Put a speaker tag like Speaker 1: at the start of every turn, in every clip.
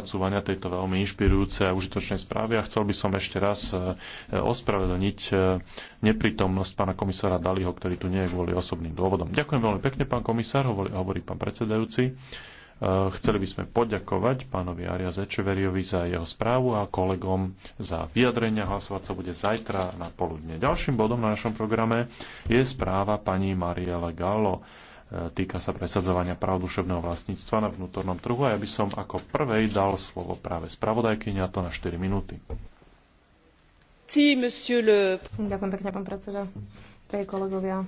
Speaker 1: spracovania tejto veľmi inšpirujúcej a užitočnej správy a chcel by som ešte raz e, e, ospravedlniť e, neprítomnosť pána komisára Daliho, ktorý tu nie je kvôli osobným dôvodom. Ďakujem veľmi pekne, pán komisár, hovorí, hovorí pán predsedajúci. Chceli by sme poďakovať pánovi Aria Zečeveriovi za jeho správu a kolegom za vyjadrenia. Hlasovať sa bude zajtra na poludne. Ďalším bodom na našom programe je správa pani Mariele Gallo týka sa presadzovania práv duševného vlastníctva na vnútornom trhu a ja by som ako prvej dal slovo práve spravodajkyni a to na 4 minúty.
Speaker 2: le...
Speaker 3: Ďakujem pekne, pán predseda. Tej kolegovia,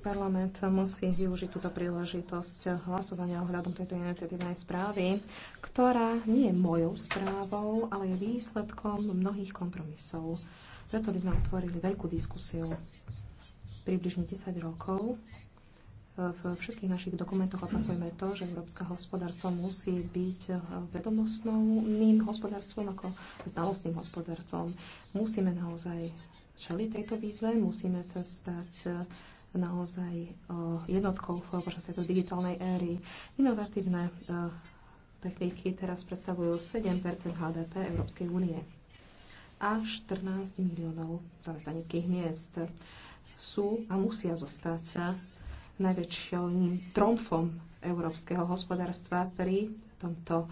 Speaker 3: parlament musí využiť túto príležitosť hlasovania ohľadom tejto iniciatívnej správy, ktorá nie je mojou správou, ale je výsledkom mnohých kompromisov. Preto by sme otvorili veľkú diskusiu približne 10 rokov v všetkých našich dokumentoch opakujeme to, že európske hospodárstvo musí byť eh, vedomostným hospodárstvom ako znalostným hospodárstvom. Musíme naozaj čeliť tejto výzve, musíme sa stať eh, naozaj eh, jednotkou počas tejto digitálnej éry. Inovatívne techniky teraz predstavujú 7 HDP Európskej únie a 14 miliónov zamestnaneckých miest sú a musia zostať najväčším tromfom európskeho hospodárstva pri tomto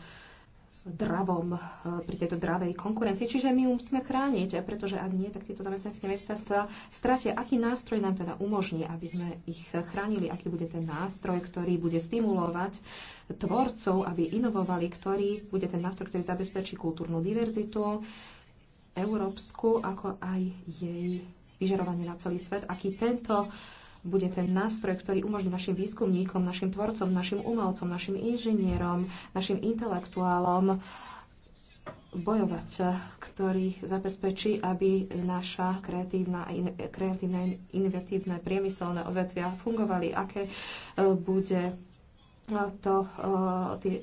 Speaker 3: dravom, eh, pri tejto dravej konkurencii. Čiže my ju musíme chrániť, eh, pretože ak nie, tak tieto zamestnanecké miesta sa stratia. Aký nástroj nám teda umožní, aby sme ich chránili? Aký bude ten nástroj, ktorý bude stimulovať tvorcov, aby inovovali, ktorý bude ten nástroj, ktorý zabezpečí kultúrnu diverzitu, európsku, ako aj jej vyžarovanie na celý svet, aký tento uh, bude ten nástroj, ktorý umožní našim výskumníkom, našim tvorcom, našim umelcom, našim inžinierom, našim intelektuálom bojovať, ktorý zabezpečí, aby naša kreatívna, in, kreatívne, inovatívne priemyselné odvetvia fungovali, aké e, bude to, e, tie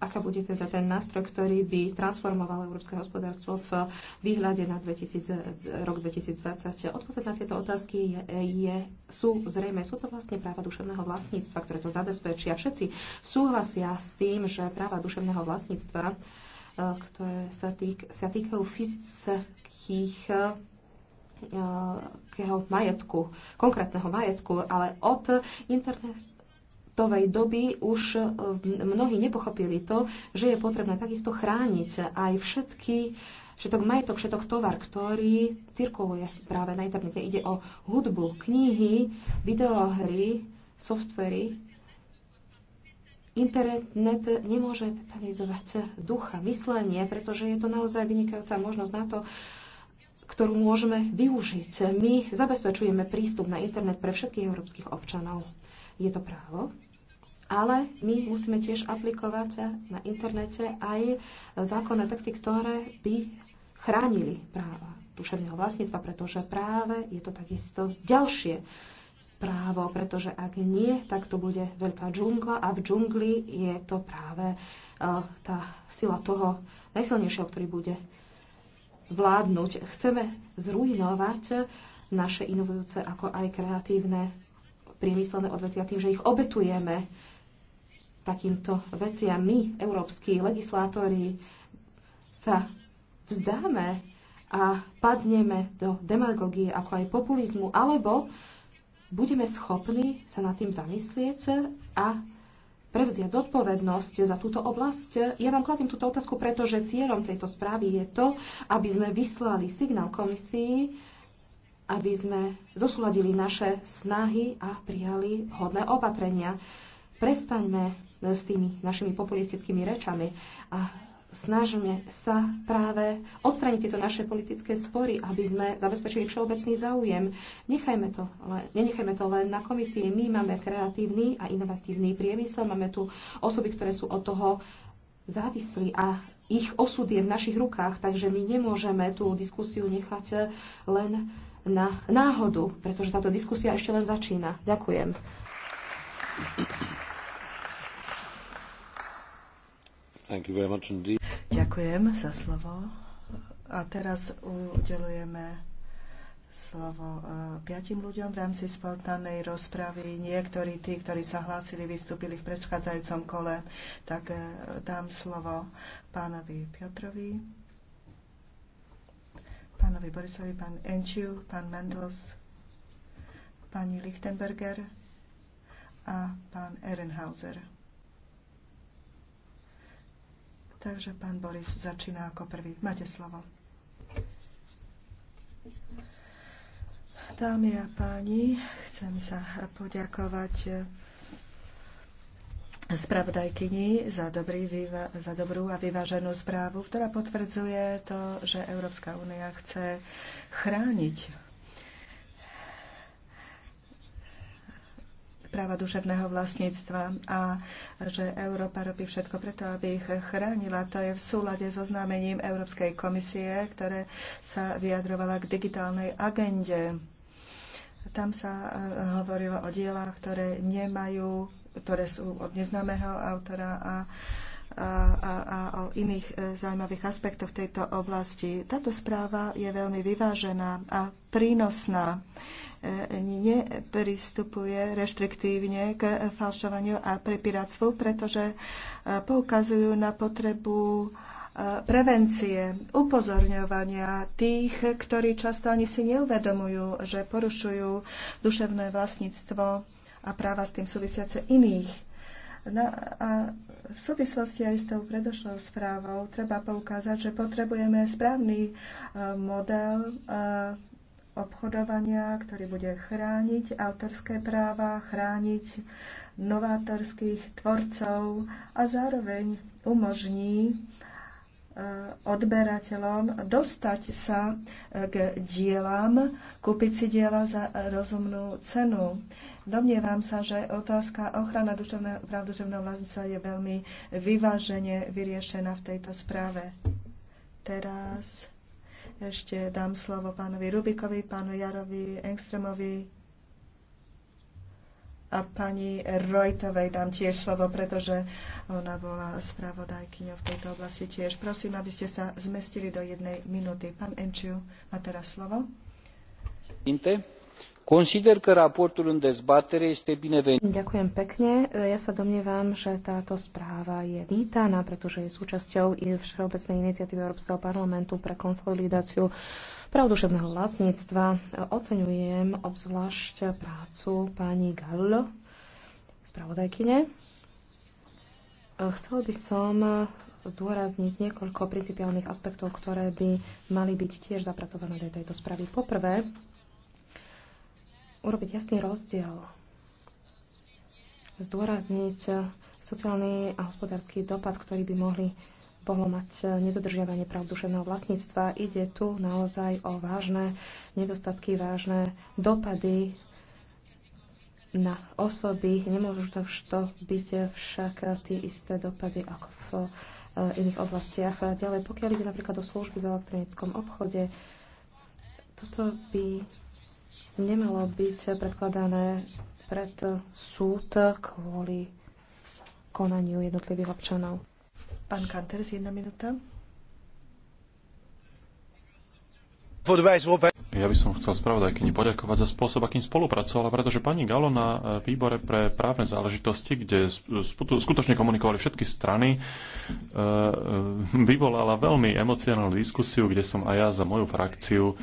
Speaker 3: aká bude teda ten nástroj, ktorý by transformoval európske hospodárstvo v výhľade na 2000, rok 2020. Odpoveď na tieto otázky je, je, sú zrejme, sú to vlastne práva duševného vlastníctva, ktoré to zabezpečia. Všetci súhlasia s tým, že práva duševného vlastníctva, e, ktoré sa, týk, sa týkajú fyzických e, majetku, konkrétneho majetku, ale od internet covidovej doby už e, mnohí nepochopili to, že je potrebné takisto chrániť aj všetky všetok majetok, všetok tovar, ktorý cirkuluje práve na internete. Ide o hudbu, knihy, videohry, softvery. Internet nemôže tetanizovať ducha, myslenie, pretože je to naozaj vynikajúca možnosť na to, ktorú môžeme využiť. My zabezpečujeme prístup na internet pre všetkých európskych občanov. Je to právo, ale my musíme tiež aplikovať na internete aj zákonné texty, ktoré by chránili práva duševného vlastníctva, pretože práve je to takisto ďalšie právo, pretože ak nie, tak to bude veľká džungla a v džungli je to práve eh, tá sila toho najsilnejšieho, ktorý bude vládnuť. Chceme zrujnovať naše inovujúce ako aj kreatívne priemyselné odvetvia tým, že ich obetujeme takýmto veciam my, európsky legislátori, sa vzdáme a padneme do demagogie ako aj populizmu, alebo budeme schopní sa nad tým zamyslieť a prevziať zodpovednosť za túto oblasť. Ja vám kladím túto otázku, pretože cieľom tejto správy je to, aby sme vyslali signál komisii, aby sme zosúladili naše snahy a prijali hodné opatrenia. Prestaňme s tými našimi populistickými rečami a snažíme sa práve odstraniť tieto naše politické spory, aby sme zabezpečili všeobecný záujem. Nechajme to, ale nenechajme to len na komisii. My máme kreatívny a inovatívny priemysel, máme tu osoby, ktoré sú od toho závislí a ich osud je v našich rukách, takže my nemôžeme tú diskusiu nechať len na náhodu, pretože táto diskusia ešte len začína. Ďakujem.
Speaker 1: Ďakujem
Speaker 2: za slovo. A teraz udelujeme slovo eh, piatim ľuďom v rámci spontánnej rozpravy. Niektorí tí, ktorí sa hlásili, vystúpili v predchádzajúcom kole, tak eh, dám slovo pánovi Piotrovi, pánovi Borisovi, pán Enčiu, pán Mendels, pani Lichtenberger a pán Ehrenhauser. Takže pán Boris začína ako prvý. Máte slovo. Dámy a páni, chcem sa poďakovať spravodajkyni za, dobrý, za dobrú a vyváženú správu, ktorá potvrdzuje to, že Európska únia chce chrániť práva duševného vlastníctva a že Európa robí všetko preto, aby ich chránila. To je v súlade so známením Európskej komisie, ktoré sa vyjadrovala k digitálnej agende. Tam sa e, hovorilo o dielách, ktoré nemajú, ktoré sú od neznámeho autora a a, a o iných e, zaujímavých aspektoch tejto oblasti. Táto správa je veľmi vyvážená a prínosná. E, nepristupuje reštriktívne k falšovaniu a prepiráctvu, pretože e, poukazujú na potrebu prevencie, upozorňovania tých, ktorí často ani si neuvedomujú, že porušujú duševné vlastníctvo a práva s tým súvisiace iných No a v súvislosti aj s tou predošlou správou treba poukázať, že potrebujeme správny e, model e, obchodovania, ktorý bude chrániť autorské práva, chrániť novátorských tvorcov a zároveň umožní odberateľom dostať sa eh, k dielam, kúpiť si diela za rozumnú cenu. Domnievam sa, že otázka ochrana práv duševného vlastníctva je veľmi vyvážene vyriešená v tejto správe. Teraz ešte dám slovo pánovi Rubikovi, pánu Jarovi Engstremovi, a pani Rojtovej dám tiež slovo, pretože ona bola spravodajkyňou v tejto oblasti tiež. Prosím, aby ste sa zmestili do jednej minúty. Pán Enčiu má teraz slovo. Inte. Consider că raportul în dezbatere este binevenit. Ďakujem
Speaker 3: pekne. E, ja sa domnievam, že táto správa je vítaná, pretože je súčasťou Všeobecnej iniciatívy Európskeho parlamentu pre konsolidáciu práv vlastníctva. E, oceňujem obzvlášť prácu pani Gallo, spravodajkyne. E, chcel by som zdôrazniť niekoľko principiálnych aspektov, ktoré by mali byť tiež zapracované do tejto správy. Poprvé, urobiť jasný rozdiel, zdôrazniť sociálny a hospodársky dopad, ktorý by mohli mohlo mať nedodržiavanie práv duševného vlastníctva. Ide tu naozaj o vážne nedostatky, vážne dopady na osoby. Nemôžu to byť však tie isté dopady ako v eh, iných oblastiach. Ďalej, pokiaľ ide napríklad o služby v elektronickom obchode, toto by nemalo byť predkladané pred súd kvôli konaniu jednotlivých občanov. Pán Kanter, jedna
Speaker 2: minúta.
Speaker 1: Voor de wijze waarop wij ja by som chcel spravodajkyni poďakovať za spôsob, akým spolupracovala, pretože pani Galo na e, výbore pre právne záležitosti, kde skutočne komunikovali všetky strany, e, e, vyvolala veľmi emocionálnu diskusiu, kde som aj ja za moju frakciu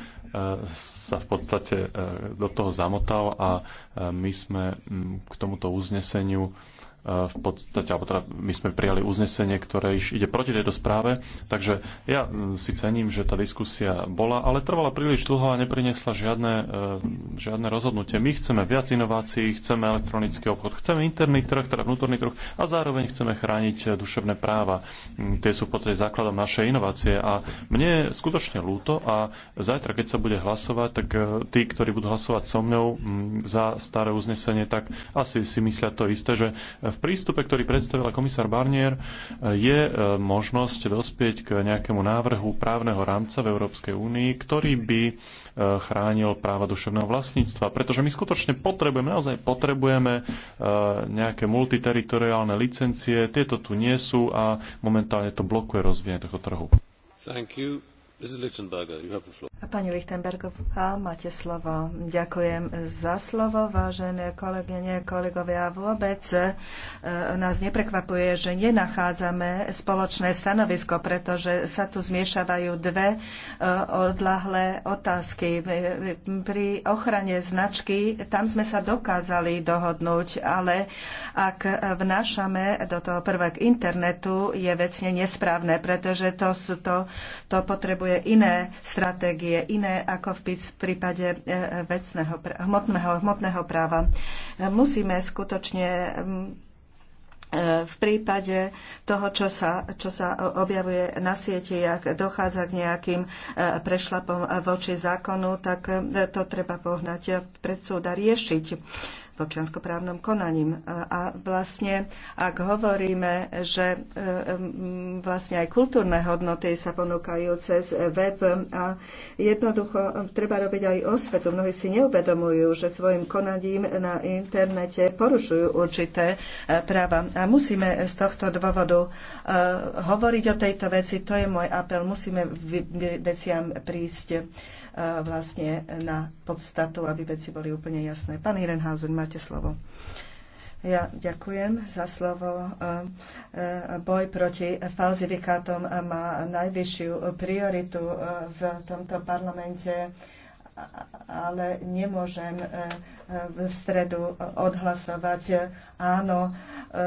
Speaker 1: sa v podstate do toho zamotal a my sme k tomuto uzneseniu v podstate, alebo teda my sme prijali uznesenie, ktoré ide proti tejto správe. Takže ja mm, si cením, že tá diskusia bola, ale trvala príliš dlho a neprinesla žiadne, e, žiadne rozhodnutie. My chceme viac inovácií, chceme elektronický obchod, chceme interný trh, teda vnútorný trh a zároveň chceme chrániť duševné práva. Mm, tie sú v podstate základom našej inovácie a mne je skutočne ľúto a zajtra, keď sa bude hlasovať, tak e, tí, ktorí budú hlasovať so mnou mm, za staré uznesenie, tak asi si myslia to isté, že e, v v prístupe, ktorý predstavila komisár Barnier, e, je e, možnosť dospieť k nejakému návrhu právneho rámca v Európskej únii, ktorý by e, chránil práva duševného vlastníctva, pretože my skutočne potrebujeme, naozaj potrebujeme nejaké multiteritoriálne licencie, tieto tu nie sú a momentálne to blokuje rozvíjanie tohto trhu. Thank you.
Speaker 2: Pani Lichtenbergová, máte slovo. Ďakujem za slovo, vážené kolegyne, kolegovia. Vôbec e, nás neprekvapuje, že nenachádzame spoločné stanovisko, pretože sa tu zmiešavajú dve e, odlahlé otázky. Pri ochrane značky tam sme sa dokázali dohodnúť, ale ak vnášame do toho prvek internetu, je vecne nesprávne, pretože to, to, to potrebuje potrebuje iné stratégie, iné ako v prípade e, e, vecného, hmotného, hmotného práva. E, musíme skutočne v prípade toho, čo sa, čo sa objavuje na siete, ak dochádza k nejakým prešlapom voči zákonu, tak to treba pohnať pred súda riešiť v konaním. E, a vlastne, ak hovoríme, že e, vlastne aj kultúrne hodnoty sa ponúkajú cez web a jednoducho e, treba robiť aj osvetu. Mnohí si neuvedomujú, že svojim konaním na internete porušujú určité práva. A musíme z tohto dôvodu hovoriť o tejto veci. To je môj apel. Musíme veciam prísť vlastne na podstatu, aby veci boli úplne jasné. Pán Irenhausen, máte slovo. Ja ďakujem za slovo. E, e, boj proti falzifikátom má najvyššiu prioritu e, v tomto parlamente ale nemôžem v stredu odhlasovať áno E,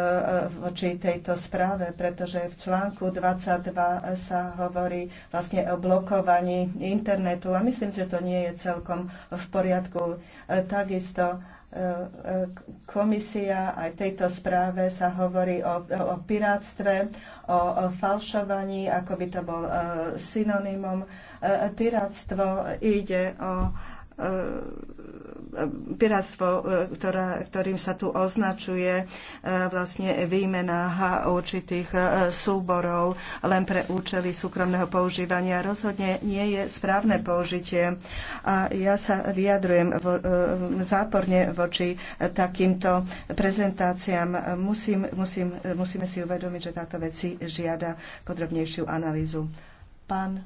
Speaker 2: voči tejto správe, pretože v článku 22 sa hovorí vlastne o blokovaní internetu a myslím, že to nie je celkom v poriadku. E, takisto e, komisia aj tejto správe sa hovorí o, o piráctve, o, o falšovaní, ako by to bol synonymom. Piráctvo ide o E, e, piráctvo, e, ktorá, ktorým sa tu označuje vlastne výmena určitých súborov len pre účely súkromného používania. Rozhodne nie je správne použitie. A ja sa vyjadrujem vo, záporne voči takýmto prezentáciám. Musím, musím, musíme si uvedomiť, že táto veci žiada podrobnejšiu analýzu. Pán,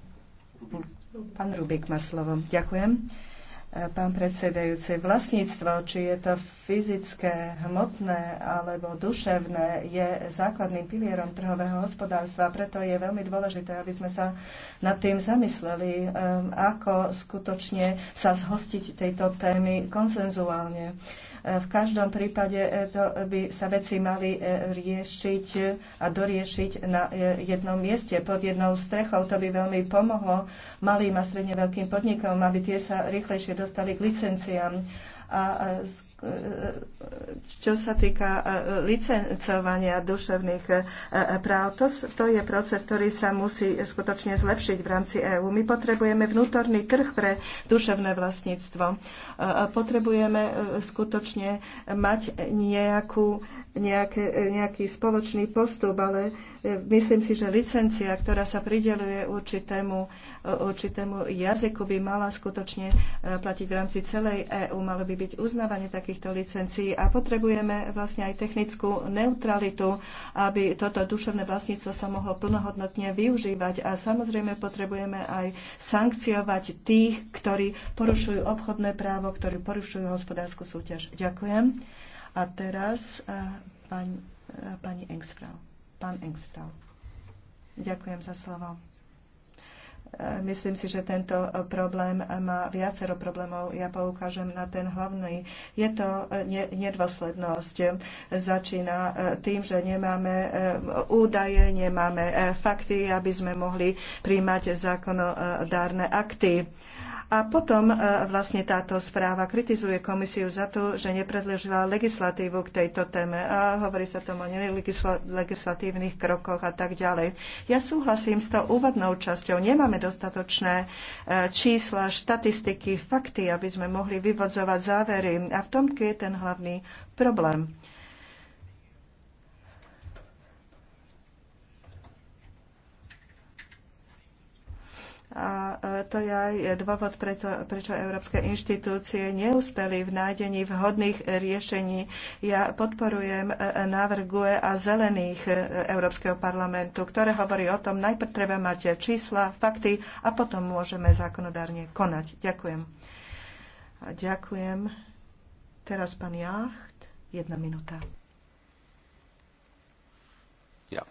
Speaker 2: pán Rubik má slovo. Ďakujem pán predsedajúci, vlastníctvo, či je to fyzické, hmotné alebo duševné, je základným pilierom trhového hospodárstva. Preto je veľmi dôležité, aby sme sa nad tým zamysleli, um, ako skutočne sa zhostiť tejto témy konsenzuálne. Uh, v každom prípade uh, to by sa veci mali uh, riešiť a doriešiť na jednom mieste pod jednou strechou. To by veľmi pomohlo malým a stredne veľkým podnikom, aby tie sa rýchlejšie dostali k licenciám. A čo sa týka e, licencovania duševných e, práv, to, to je proces, ktorý sa musí skutočne zlepšiť v rámci EÚ. My potrebujeme vnútorný trh pre duševné vlastníctvo. E, potrebujeme skutočne mať nejakú, nejaké, nejaký spoločný postup, ale myslím si, že licencia, ktorá sa prideluje určitému, určitému jazyku, by mala skutočne platiť v rámci celej EÚ, malo by byť uznávanie tak takýchto licencií a potrebujeme vlastne aj technickú neutralitu, aby toto duševné vlastníctvo sa mohlo plnohodnotne využívať a samozrejme potrebujeme aj sankciovať tých, ktorí porušujú obchodné právo, ktorí porušujú hospodárskú súťaž. Ďakujem. A teraz eh, eh, pani, pani Engstrau. Pán Engstrau. Ďakujem za slovo. Myslím si, že tento problém má viacero problémov. Ja poukážem na ten hlavný. Je to nedôslednosť. Začína e, tým, že nemáme e, údaje, nemáme e, fakty, aby sme mohli príjmať zákonodárne akty. A potom e, vlastne táto správa kritizuje komisiu za to, že nepredložila legislatívu k tejto téme. A hovorí sa tam o nelegislatívnych krokoch a tak ďalej. Ja súhlasím s tou úvodnou časťou. Nemáme dostatočné e, čísla, štatistiky, fakty, aby sme mohli vyvodzovať závery. A v tom je ten hlavný problém. A to je aj dôvod, prečo, prečo európske inštitúcie neúspeli v nájdení vhodných riešení. Ja podporujem e, e, návrh GUE a zelených e, Európskeho parlamentu, ktoré hovorí o tom, najprv treba mať čísla, fakty a potom môžeme zákonodárne konať. Ďakujem. A ďakujem. Teraz pán Jacht, jedna minúta.
Speaker 1: Ja.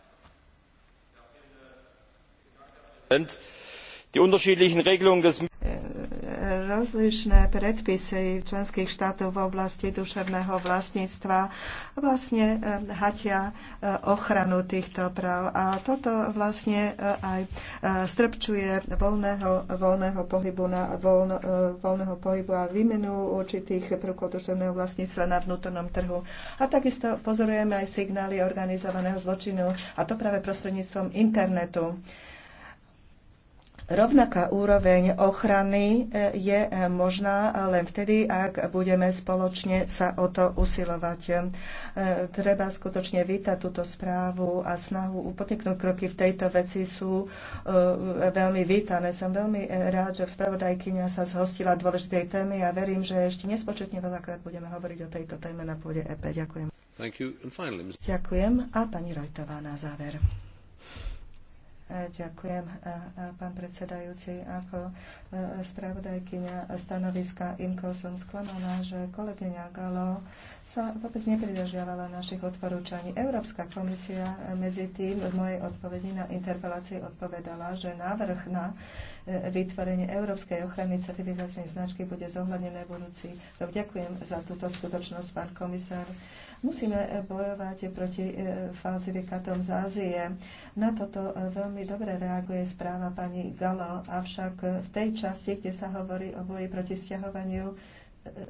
Speaker 1: Die unterschiedlichen Regelungen des
Speaker 2: rozlišné predpisy členských štátov v oblasti duševného vlastníctva vlastne eh, hatia eh, ochranu týchto práv. A toto vlastne eh, aj strpčuje voľného, voľného pohybu, na, voľno, voľného pohybu a výmenu určitých prvkov duševného vlastníctva na vnútornom trhu. A takisto pozorujeme aj signály organizovaného zločinu, a to práve prostredníctvom internetu. Rovnaká úroveň ochrany e, je e, možná len vtedy, ak budeme spoločne sa o to usilovať. E, treba skutočne vítať túto správu a snahu upotniknúť kroky v tejto veci sú veľmi vítané. Som veľmi rád, že spravodajkynia sa zhostila dôležitej témy a verím, že ešte nespočetne veľakrát budeme hovoriť o tejto téme na pôde EP. Ďakujem. Finally... Ďakujem a pani Rojtová na záver. Ďakujem, pán predsedajúci. Ako e, spravodajkyňa stanoviska IMKO som sklamaná, že kolegyňa Galo sa vôbec nepridržiavala našich odporúčaní. Európska komisia e, medzi tým v mojej odpovedi na interpelácii odpovedala, že návrh na e, vytvorenie Európskej ochrany certifikačnej značky bude zohľadnené v budúci Ďakujem za túto skutočnosť, pán komisár. Musíme eh, bojovať proti eh, falzifikátom z Ázie. Na toto eh, veľmi dobre reaguje správa pani Galo, avšak v tej časti, kde sa hovorí o boji proti stiahovaniu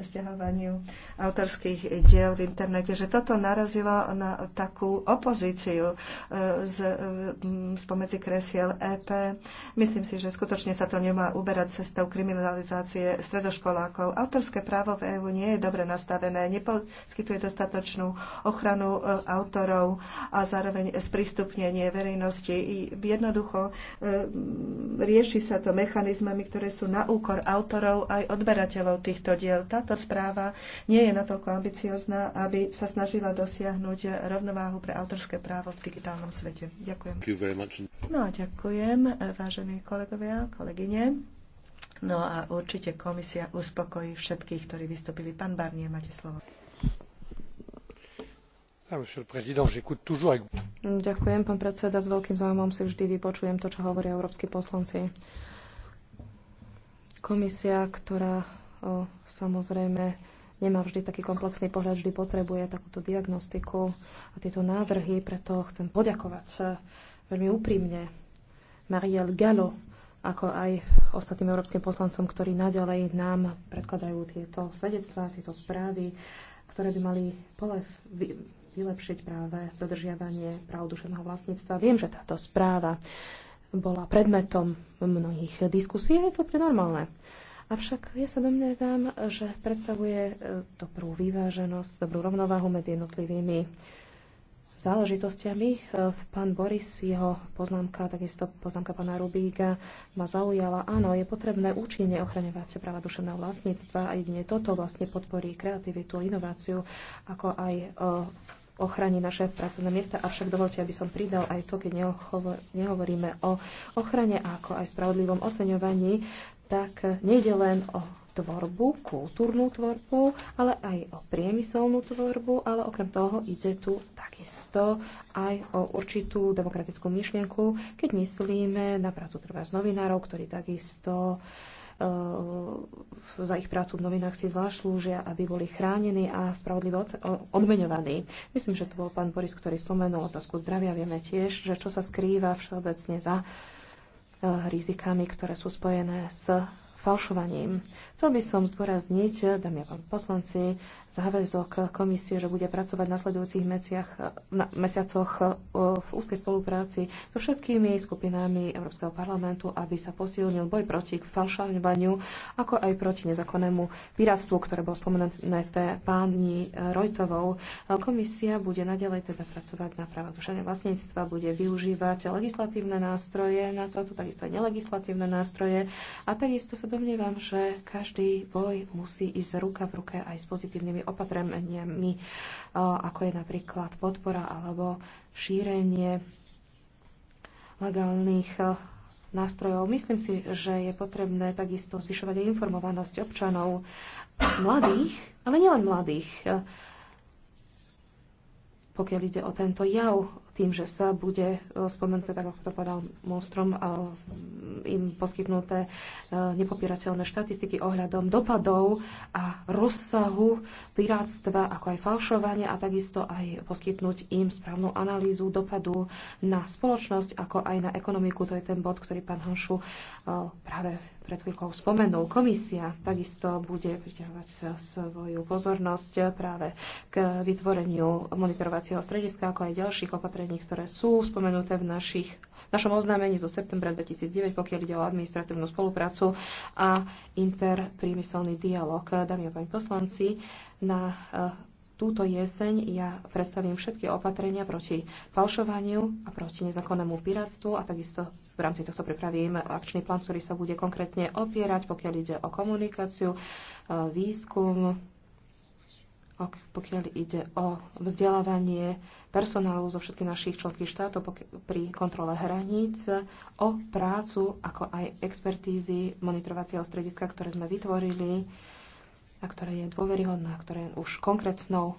Speaker 2: stiahovaniu autorských diel v internete, že toto narazilo na takú opozíciu e, z, e, spomedzi kresiel EP. Myslím si, že skutočne sa to nemá uberať cestou kriminalizácie stredoškolákov. Autorské právo v EÚ nie je dobre nastavené, neposkytuje dostatočnú ochranu e, autorov a zároveň sprístupnenie verejnosti. I jednoducho rieši sa to mechanizmami, ktoré sú na úkor autorov aj odberateľov týchto diel cieľ. Táto správa nie je natoľko ambiciozná, aby sa snažila dosiahnuť rovnováhu pre autorské právo v digitálnom svete. Ďakujem. No a ďakujem, vážení kolegovia, kolegyne. No a určite komisia uspokojí všetkých, ktorí vystúpili. Pán Barnier, máte slovo.
Speaker 1: Ah,
Speaker 3: ďakujem, pán predseda. S veľkým záujmom si vždy vypočujem to, čo hovoria európsky poslanci. Komisia, ktorá samozrejme nemá vždy taký komplexný pohľad, vždy potrebuje takúto diagnostiku a tieto návrhy, preto chcem poďakovať e, veľmi úprimne Marielle Gallo, ako aj ostatným európskym poslancom, ktorí naďalej nám predkladajú tieto svedectvá, tieto správy, ktoré by mali polev, vylepšiť práve dodržiavanie práv duševného vlastníctva. Viem, že táto správa bola predmetom mnohých diskusí a je to prenormálne. normálne. Avšak ja sa domnievam, že predstavuje e, dobrú vyváženosť, dobrú rovnováhu medzi jednotlivými záležitostiami. E, Pán Boris, jeho poznámka, takisto poznámka pána Rubíga ma zaujala. Áno, je potrebné účinne ochraňovať práva duševného vlastníctva a jedine toto vlastne podporí kreativitu, a inováciu, ako aj e, ochrani naše pracovné miesta, avšak dovolte, aby som pridal aj to, keď nehovoríme o ochrane ako aj spravodlivom oceňovaní tak nejde len o tvorbu, kultúrnu tvorbu, ale aj o priemyselnú tvorbu, ale okrem toho ide tu takisto aj o určitú demokratickú myšlienku, keď myslíme na prácu trvá z novinárov, ktorí takisto e, za ich prácu v novinách si zaslúžia, aby boli chránení a spravodlivo odmeňovaní. Myslím, že to bol pán Boris, ktorý spomenul otázku zdravia. Vieme tiež, že čo sa skrýva všeobecne za rizikami, ktoré sú spojené s falšovaním. Chcel by som zdôrazniť, dámy a páni poslanci, záväzok komisie, že bude pracovať v nasledujúcich mesiach, na, mesiacoch e, v úzkej spolupráci so všetkými skupinami Európskeho parlamentu, aby sa posilnil boj proti falšovaniu, ako aj proti nezákonnému piratstvu, ktoré bolo spomenuté páni Rojtovou. E, komisia bude naďalej teda pracovať na práva duševného vlastníctva, bude využívať legislatívne nástroje na toto, takisto aj nelegislatívne nástroje a takisto sa domnievam, že každý boj musí ísť ruka v ruke aj s pozitívnymi opatreniami, ako je napríklad podpora alebo šírenie legálnych nástrojov. Myslím si, že je potrebné takisto zvyšovať informovanosť občanov, mladých, ale nielen mladých, pokiaľ ide o tento jav, tým, že sa bude spomenúť, tak ako to povedal Monstrom, im poskytnuté e, nepopierateľné štatistiky ohľadom dopadov a rozsahu pirátstva, ako aj falšovania a takisto aj poskytnúť im správnu analýzu dopadu na spoločnosť, ako aj na ekonomiku. To je ten bod, ktorý pán Hanšu e, práve pred chvíľkou spomenul. Komisia takisto bude priťahovať svoju pozornosť práve k vytvoreniu monitorovacieho strediska, ako aj ďalších opatrení, ktoré sú spomenuté v našich našom oznámení zo septembra 2009, pokiaľ ide o administratívnu spoluprácu a interprímyselný dialog. Dámy a páni poslanci, na e, túto jeseň ja predstavím všetky opatrenia proti falšovaniu a proti nezákonnému piráctvu a takisto v rámci tohto pripravím akčný plán, ktorý sa bude konkrétne opierať, pokiaľ ide o komunikáciu, e, výskum, pokiaľ ide o vzdelávanie personálu zo všetkých našich členských štátov pri kontrole hraníc, o prácu, ako aj expertízy monitorovacieho strediska, ktoré sme vytvorili a ktoré je dôveryhodné, ktoré už konkrétnou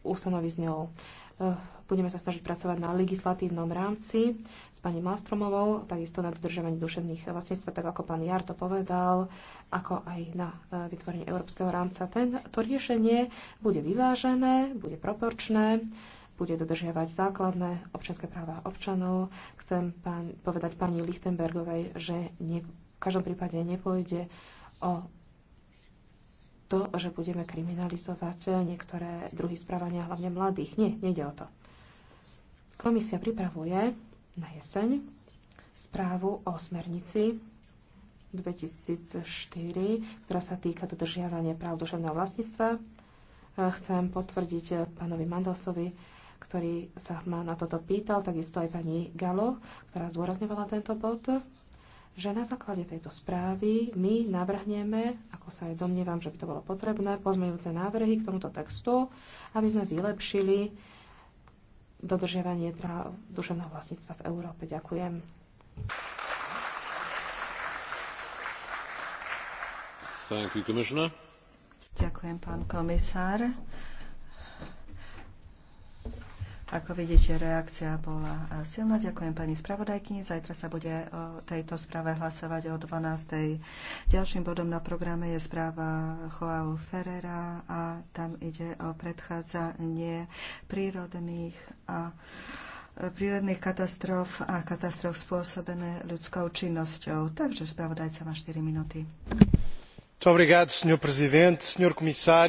Speaker 3: ústanovizňou. Eh, Budeme sa snažiť pracovať na legislatívnom rámci s pani Malstromovou, takisto na dodržovaní duševných vlastníctv, tak ako pán Jar to povedal, ako aj na e, vytvorenie európskeho rámca. Tento riešenie bude vyvážené, bude proporčné bude dodržiavať základné občianské práva občanov. Chcem pán, povedať pani Lichtenbergovej, že nie, v každom prípade nepôjde o to, že budeme kriminalizovať niektoré druhy správania, hlavne mladých. Nie, nejde o to. Komisia pripravuje na jeseň správu o smernici 2004, ktorá sa týka dodržiavania práv duševného vlastníctva. E, chcem potvrdiť pánovi Mandelsovi, ktorý sa ma na toto pýtal, takisto aj pani Galo, ktorá zdôrazňovala tento bod, že na základe tejto správy my navrhneme, ako sa aj domnievam, že by to bolo potrebné, pozmeňujúce návrhy k tomuto textu, aby sme vylepšili dodržiavanie práv duševného vlastníctva v Európe. Ďakujem.
Speaker 1: Thank you,
Speaker 2: Ďakujem, pán komisár. Ako vidíte, reakcia bola e, silná. Ďakujem pani spravodajkyni. Zajtra sa bude o tejto správe hlasovať o 12. Ďalším bodom na programe je správa Joao Ferrera a tam ide o predchádzanie prírodných a e, prírodných katastrof a katastrof spôsobené ľudskou činnosťou. Takže spravodajca má 4 minúty.
Speaker 1: Obrigado, senhor presidente, senhor comissário.